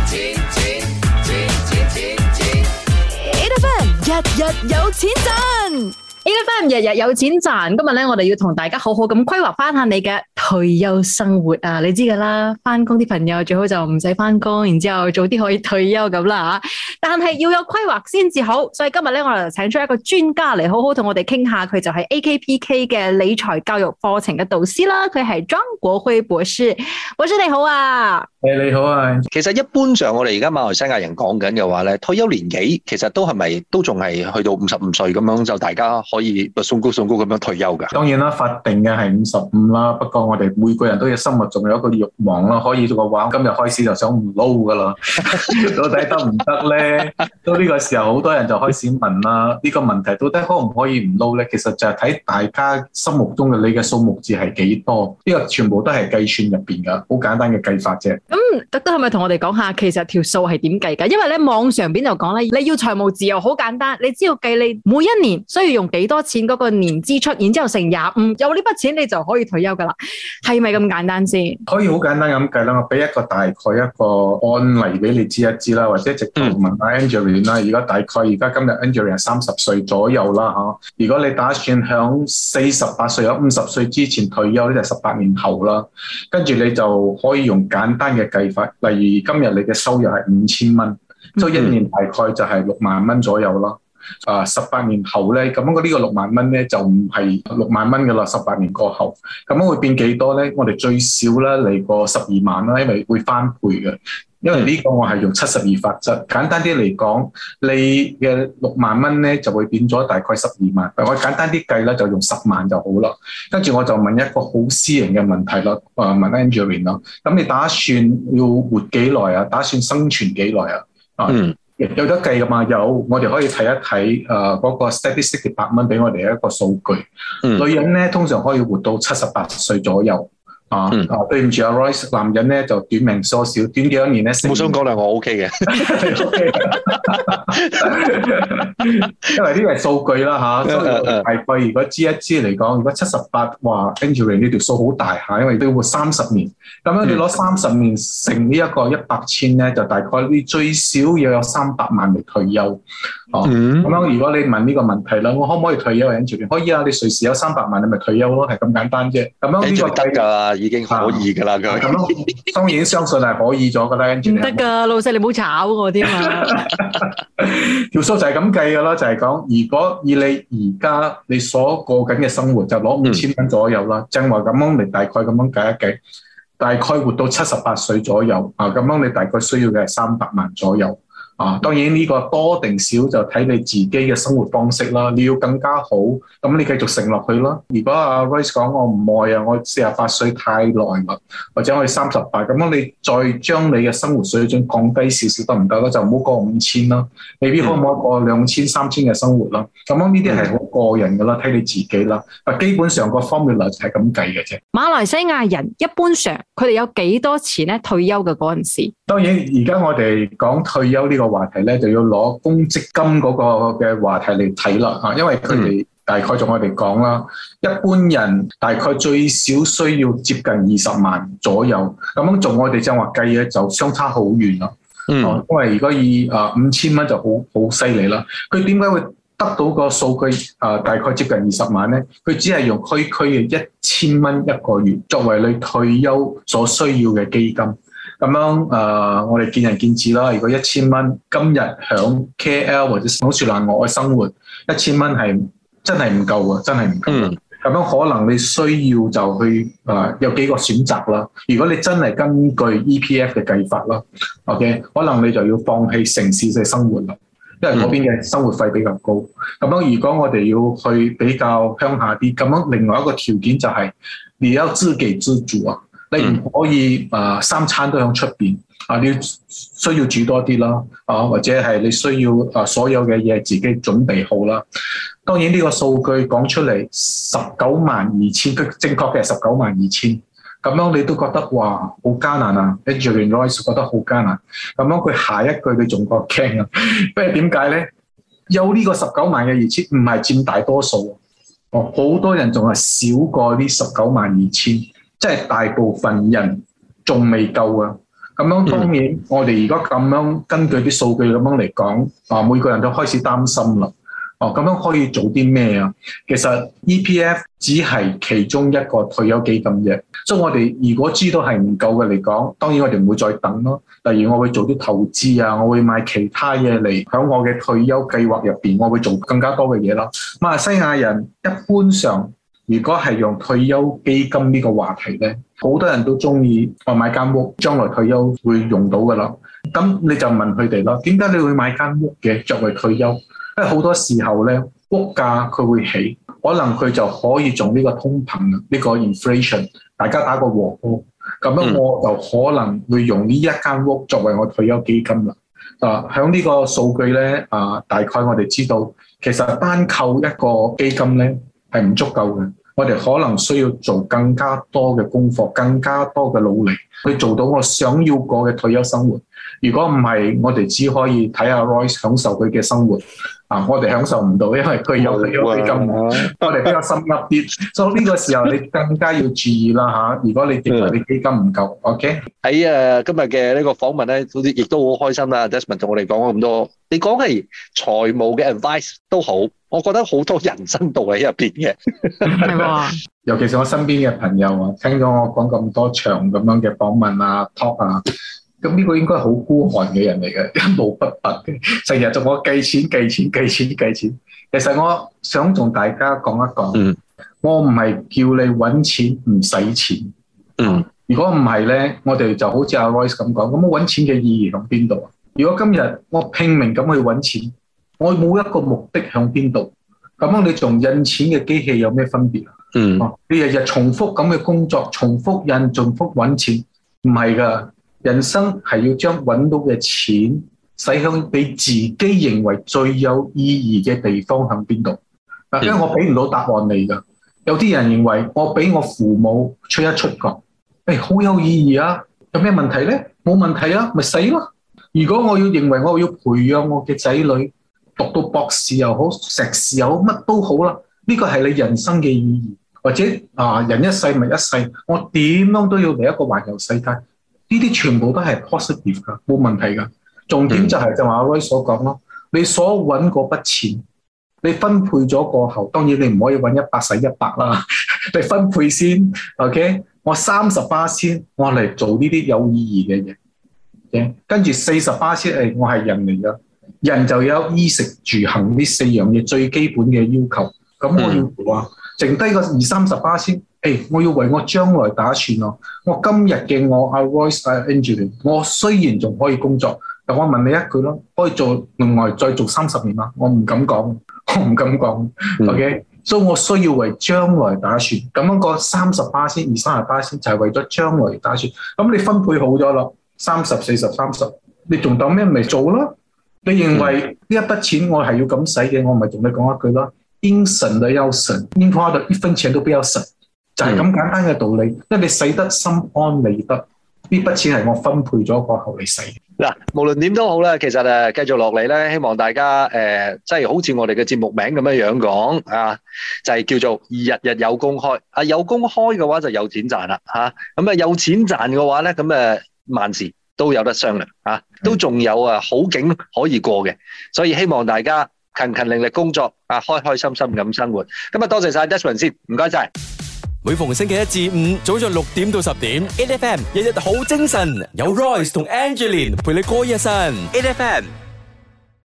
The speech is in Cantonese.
錢錢錢錢錢錢 Elephant 日日有錢賺 Elephant 日日有錢賺。今日咧，我哋要同大家好好咁規劃翻下你嘅退休生活啊！你知噶啦，翻工啲朋友最好就唔使翻工，然之後早啲可以退休咁啦吓。但係要有規劃先至好，所以今日咧，我哋就請出一個專家嚟好好同我哋傾下，佢就係 AKPK 嘅理財教育課程嘅導師啦。佢係莊國輝博士，博士你好啊！誒，hey, 你好啊！其實一般上，我哋而家馬來西亞人講緊嘅話咧，退休年紀其實都係咪都仲係去到五十五歲咁樣就大家可以送高送高咁樣退休噶？當然啦，法定嘅係五十五啦。不過我哋每個人都有心目中仲有一個欲望啦，可以做嘅話，今日開始就想唔撈噶啦，到底得唔得咧？ 到呢個時候，好多人就開始問啦呢、這個問題，到底可唔可以唔撈咧？其實就係睇大家心目中嘅你嘅數目字係幾多？呢個全部都係計算入邊噶，好簡單嘅計法啫。咁特登係咪同我哋講下，其實條數係點計噶？因為咧網上邊就講啦，你要財務自由好簡單，你只要計你每一年需要用幾多錢嗰個年支出，然之後乘廿五，有呢筆錢你就可以退休噶啦，係咪咁簡單先？可以好簡單咁計啦，我俾一個大概一個案例俾你知一知啦，或者直接問下 Angela 啦。而家、嗯、大概而家今日 Angela 三十歲左右啦，吓，如果你打算響四十八歲、有五十歲之前退休，呢就十八年後啦，跟住你就可以用簡單嘅計法，例如今日你嘅收入係五千蚊，即係一年大概就係六萬蚊左右咯。啊，十八年後咧，咁我呢個六萬蚊咧就唔係六萬蚊嘅啦，十八年過後，咁樣會變幾多咧？我哋最少啦嚟個十二萬啦，因為會翻倍嘅。因為呢個我係用七十二法則，簡單啲嚟講，你嘅六萬蚊咧就會變咗大概十二萬。我簡單啲計啦，就用十萬就好啦。跟住我就問一個好私人嘅問題啦，誒、呃、問 Angela，i n 咁你打算要活幾耐啊？打算生存幾耐啊？啊、嗯，有得計噶嘛？有，我哋可以睇一睇誒嗰個 statistic 八蚊俾我哋一個數據。嗯、女人咧通常可以活到七十八歲左右。啊，嗯，啊、對唔住啊 Royce 男人咧就短命縮小，短幾多年咧？冇想講咧，我 OK 嘅，因為呢個數據啦嚇，啊、 大概如果支一支嚟講，如果七十八，78，哇 Angeling 呢條數好大嚇，因為都要活三十年，咁樣、嗯、你攞三十年乘呢一個一百千咧，就大概你最少要有三百萬嚟退休。咁樣、oh, mm hmm. 如果你問呢個問題啦，我可唔可以退休？跟住可以啊，你隨時有三百萬，你咪退休咯，係咁簡單啫。咁樣呢個價格已經可以噶啦，咁樣當然相信係可以咗噶啦。唔得噶，老細你唔好炒我添啊！條數 就係咁計噶啦，就係、是、講如果以你而家你所過緊嘅生活，就攞五千蚊左右啦，mm hmm. 正話咁樣你大概咁樣計一計，大概活到七十八歲左右啊，咁樣你大概需要嘅係三百萬左右。啊，當然呢個多定少就睇你自己嘅生活方式啦。你要更加好，咁你繼續承落去啦。如果阿 Rayce 講我唔愛啊，我四十八歲太耐啦，或者我三十八，咁樣你再將你嘅生活水準降低少少得唔得咧？就唔好過五千啦，未必可唔可以過兩千、嗯、三千嘅生活啦。咁樣呢啲係好個人㗎啦，睇你自己啦。啊，基本上個 formula 就係咁計嘅啫。馬來西亞人一般上佢哋有幾多錢咧？退休嘅嗰陣時，當然而家我哋講退休呢、這個。話題咧就要攞公積金嗰個嘅話題嚟睇啦嚇，因為佢哋大概仲我哋講啦，嗯、一般人大概最少需要接近二十萬左右，咁樣做，我哋正話計咧就相差好遠咯。嗯，因為如果以誒五千蚊就好好犀利啦，佢點解會得到個數據誒大概接近二十萬咧？佢只係用區區嘅一千蚊一個月作為你退休所需要嘅基金。咁樣誒、呃，我哋見仁見智啦。如果一千蚊今日響 KL 或者雪蘭莪，我嘅生活一千蚊係真係唔夠啊！真係唔夠。咁、嗯、樣可能你需要就去誒、呃、有幾個選擇啦。如果你真係根據 EPF 嘅計法啦，OK，可能你就要放棄城市嘅生活啦，因為嗰邊嘅生活費比較高。咁、嗯、樣如果我哋要去比較鄉下啲，咁樣另外一個條件就係你要自給自足啊。你唔可以啊，三餐都喺出邊啊？你要需要煮多啲啦，啊或者係你需要啊，所有嘅嘢自己準備好啦。當然呢個數據講出嚟十九萬二千，佢正確嘅係十九萬二千。咁樣你都覺得哇，好艱難啊！你 Julian Rice 覺得好艱難。咁樣佢下一句佢仲覺驚啊，不過點解咧？有呢個十九萬嘅二千唔係佔大多數，哦，好多人仲係少過呢十九萬二千。即係大部分人仲未夠啊！咁樣當然我哋，我哋如果咁樣根據啲數據咁樣嚟講，啊每個人都開始擔心啦。哦、啊，咁樣可以做啲咩啊？其實 EPF 只係其中一個退休基金嘅。所以我哋如果知道係唔夠嘅嚟講，當然我哋唔會再等咯、啊。例如我會做啲投資啊，我會買其他嘢嚟喺我嘅退休計劃入邊，我會做更加多嘅嘢咯。馬來西亞人一般上。如果係用退休基金呢個話題咧，好多人都中意我買間屋，將來退休會用到噶咯。咁你就問佢哋咯，點解你會買間屋嘅作為退休？因為好多時候咧，屋價佢會起，可能佢就可以做呢個通膨呢、呢個 inflation，大家打個和波。咁樣我就可能會用呢一間屋作為我退休基金啦。嗯、啊，響呢個數據咧，啊，大概我哋知道，其實單扣一個基金咧係唔足夠嘅。我哋可能需要做更加多嘅功課，更加多嘅努力，去做到我想要過嘅退休生活。如果唔係，我哋只可以睇下 Roy 享受佢嘅生活。啊，我哋享受唔到，因為佢有退休基金。哦、我哋比較深入啲， 所以呢個時候你更加要注意啦吓、啊。如果你認為你基金唔夠的，OK。喺、呃、啊今日嘅呢個訪問咧，好似亦都好開心啦。Desmond 同我哋講咗咁多，你講係財務嘅 advice 都好。我覺得好多人生道理入邊嘅， 尤其是我身邊嘅朋友啊，聽咗我講咁多場咁樣嘅訪問啊、talk 啊，咁呢個應該好孤寒嘅人嚟嘅，一毛不拔嘅，成日同我計錢、計錢、計錢、計錢。其實我想同大家講一講，嗯，我唔係叫你搵錢唔使錢。嗯，如果唔係咧，我哋就好似阿 Royce 咁講，咁我搵錢嘅意義喺邊度啊？如果今日我拼命咁去搵錢。我冇一個目的向邊度咁樣？你仲印錢嘅機器有咩分別、嗯、啊？嗯，你日日重複咁嘅工作，重複印，重複揾錢，唔係噶。人生係要將揾到嘅錢使向你自己認為最有意義嘅地方。向邊度？啊，因為我俾唔到答案你噶。有啲人認為我俾我父母出一出國，誒、欸、好有意義啊！有咩問題咧？冇問題啊，咪使咯。如果我要認為我要培養我嘅仔女。讀到博士又好，碩士又好，乜都好啦。呢個係你人生嘅意義，或者啊，人一世物一世，我點樣都要嚟一個環遊世界。呢啲全部都係 positive 噶冇問題噶重點就係就話阿威所講咯，你所揾嗰筆錢，你分配咗過後，當然你唔可以揾一百使一百啦。你分配先，OK？我三十巴仙，我嚟做呢啲有意義嘅嘢。OK？跟住四十巴仙，誒，我係人嚟噶人就有衣食住行呢四樣嘢最基本嘅要求，咁我要話、mm. 剩低個二三十巴仙，誒、哎，我要為我將來打算咯。我今日嘅我啊，voice 啊，engineer，我雖然仲可以工作，但我問你一句咯，可以做另外再做三十年喇？我唔敢講，我唔敢講。OK，、mm. 所以我需要為將來打算，咁、那、樣個三十巴仙、二三十巴仙就係、是、為咗將來打算。咁你分配好咗咯，三十四十三十，你仲等咩咪做咯？你認為呢一筆錢我係要咁使嘅，我咪同你講一句咯：應存的要存，應花的一分錢都不要省，就係咁簡單嘅道理。因為你使得心安理得，呢筆錢係我分配咗個後嚟使。嗱，無論點都好啦，其實誒，繼續落嚟咧，希望大家誒，即係好似我哋嘅節目名咁樣樣講啊，就係叫做日日有公開。啊，有公開嘅話就有錢賺啦，吓咁啊，有錢賺嘅話咧，咁誒，萬事。都有得商量啊！都仲有啊好景可以過嘅，所以希望大家勤勤力力工作啊，開開心心咁生活。咁啊，多謝曬 Desmond 先，唔該曬。每逢星期一至五早上六點到十點，8FM 日日好精神，有 Royce 同 Angeline 陪你過夜神，8FM。